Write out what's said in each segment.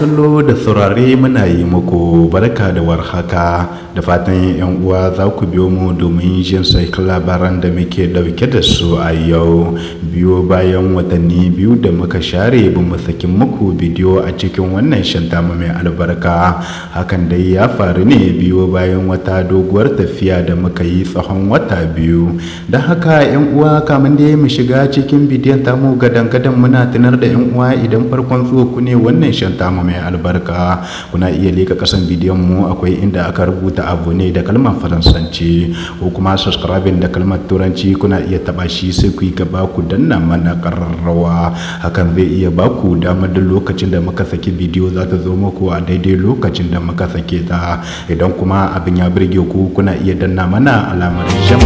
kallo da saurare muna yi muku barka da warhaka da fatan yan uwa za ku biyo mu domin jin sahihin labaran da muke dauke da su a yau biyo bayan watanni biyu da muka share ba mu saki muku bidiyo a cikin wannan shanta mai albarka hakan dai ya faru ne biyo bayan wata doguwar tafiya da muka yi tsahon wata biyu da haka yan uwa kamin da mu shiga cikin bidiyon tamu gadan-gadan muna tunar da yan uwa idan farkon zuwa ku ne wannan shantamu mai albarka kuna iya leka kasan bidiyon mu akwai inda aka rubuta abu ne da kalmar faransanci ko kuma subscribing da kalmar turanci kuna iya taba shi sai ku yi gaba ku danna mana kararrawa hakan zai iya baku damar da lokacin da muka saki bidiyo za ta zo muku a daidai lokacin da muka sake ta idan kuma abin ya birge ku kuna iya danna mana alamar jam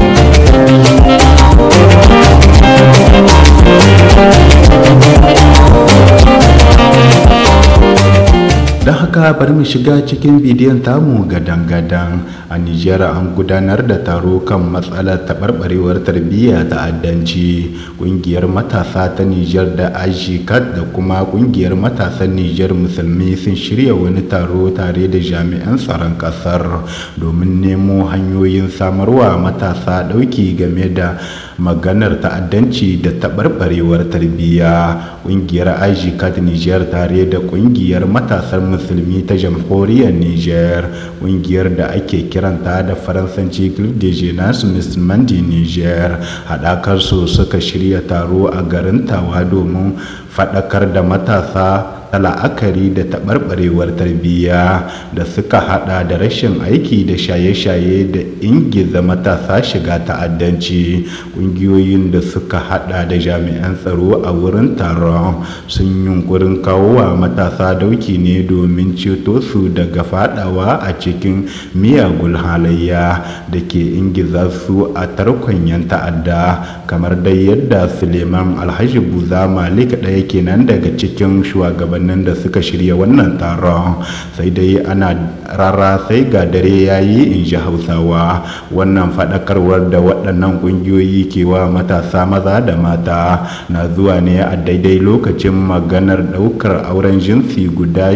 haka bari mu shiga cikin bidiyon tamu gadan-gadan a Nijar an gudanar da taro kan matsalar taɓarɓarewar tarbiyya ta addanci ƙungiyar matasa ta Nijar da ajikat da kuma ƙungiyar matasan Nijar musulmi sun shirya wani taro tare da jami'an tsaron ƙasar domin nemo hanyoyin samarwa matasa ɗauki game da maganar ta'addanci da taɓarɓarewar tarbiyya ƙungiyar ajikat niger tare da ƙungiyar matasan musulmi ta jamhuriyar niger ƙungiyar da ake kiranta da faransanci club de jeunes musulman de niger haɗakar su suka shirya taro a garin tawa domin faɗakar da matasa ta la'akari da taɓarɓarewar tarbiyya da suka haɗa da rashin aiki da shaye-shaye da ingiza matasa shiga ta'addanci ƙungiyoyin da suka haɗa da jami'an tsaro a wurin taron sun yunkurin kawo wa matasa dauki ne domin ceto su daga faɗawa a cikin miyagun halayya da ke ingiza su a tarkon yan ta'adda kamar dai yadda suleiman alhaji buza malik ɗaya kenan daga cikin shugabannin da suka shirya wannan taron sai dai ana rara sai ga dare ya yi in ji hausawa wannan faɗakarwar da waɗannan ƙungiyoyi ke wa matasa maza da mata na zuwa ne a daidai lokacin maganar ɗaukar auren jinsi guda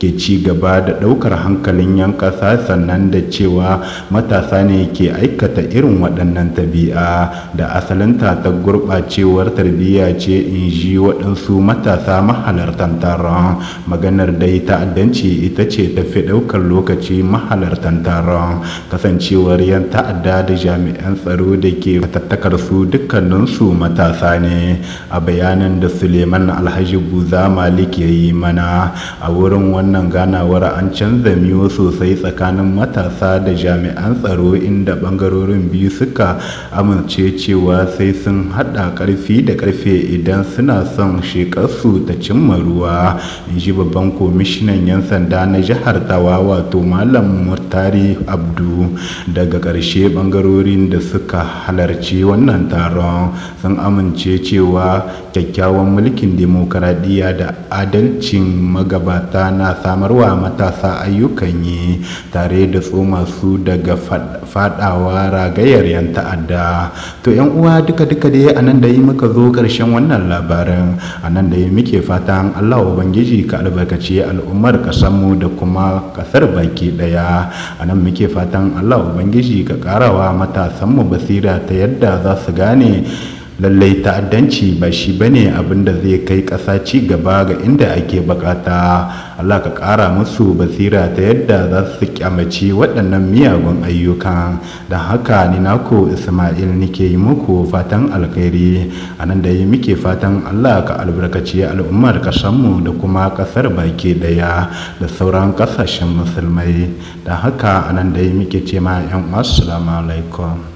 ke ci gaba da ɗaukar hankalin 'yan ƙasa sannan da cewa matasa ne ke aikata irin waɗannan tabi'a da asalinta ta gurɓacewar tarbiyya ce in ji waɗansu wasu matasa mahalartan taron maganar dai ta'addanci ita ce tafi ɗaukar lokaci mahalartan taron kasancewar yan ta'adda da jami'an tsaro da ke tattakar su dukkaninsu matasa ne a bayanan da suleiman alhaji buza malik ya yi mana a wurin wannan ganawar an canza miyo sosai tsakanin matasa da jami'an tsaro inda bangarorin biyu suka amince cewa sai sun haɗa ƙarfi da ƙarfe idan suna son shi shekarsu ta cimma ruwa in ji babban kwamishinan 'yan sanda na jihar tawa wato malam murtari abdu daga ƙarshe ɓangarorin da suka halarci wannan taron sun amince cewa kyakkyawan mulkin demokaradiyya da adalcin magabata na samarwa matasa ayyukan yi tare da tsoma su daga fadawa ragayar 'yan ta'adda to 'yan uwa duka-duka dai a nan da yi muka zo ƙarshen wannan labarin a anan nan da muke fatan allah ubangiji ka albarkaci al'ummar kasanmu da kuma kasar baki daya a nan muke fatan allah ubangiji ka karawa matasanmu basira ta yadda za su gane lallai ta'addanci ba shi bane abin da zai kai ƙasa ci gaba ga inda ake buƙata, Allah ka ƙara musu basira ta yadda za su kyamaci waɗannan miyagun ayyukan da haka ni nako Ismail nike yi muku fatan alkhairi a nan da yi muke fatan Allah ka albarkaci al'ummar mu da kuma ƙasar baki ɗaya da sauran ƙasashen musulmai da haka a nan da yi muke ce ma 'yan assalamu alaikum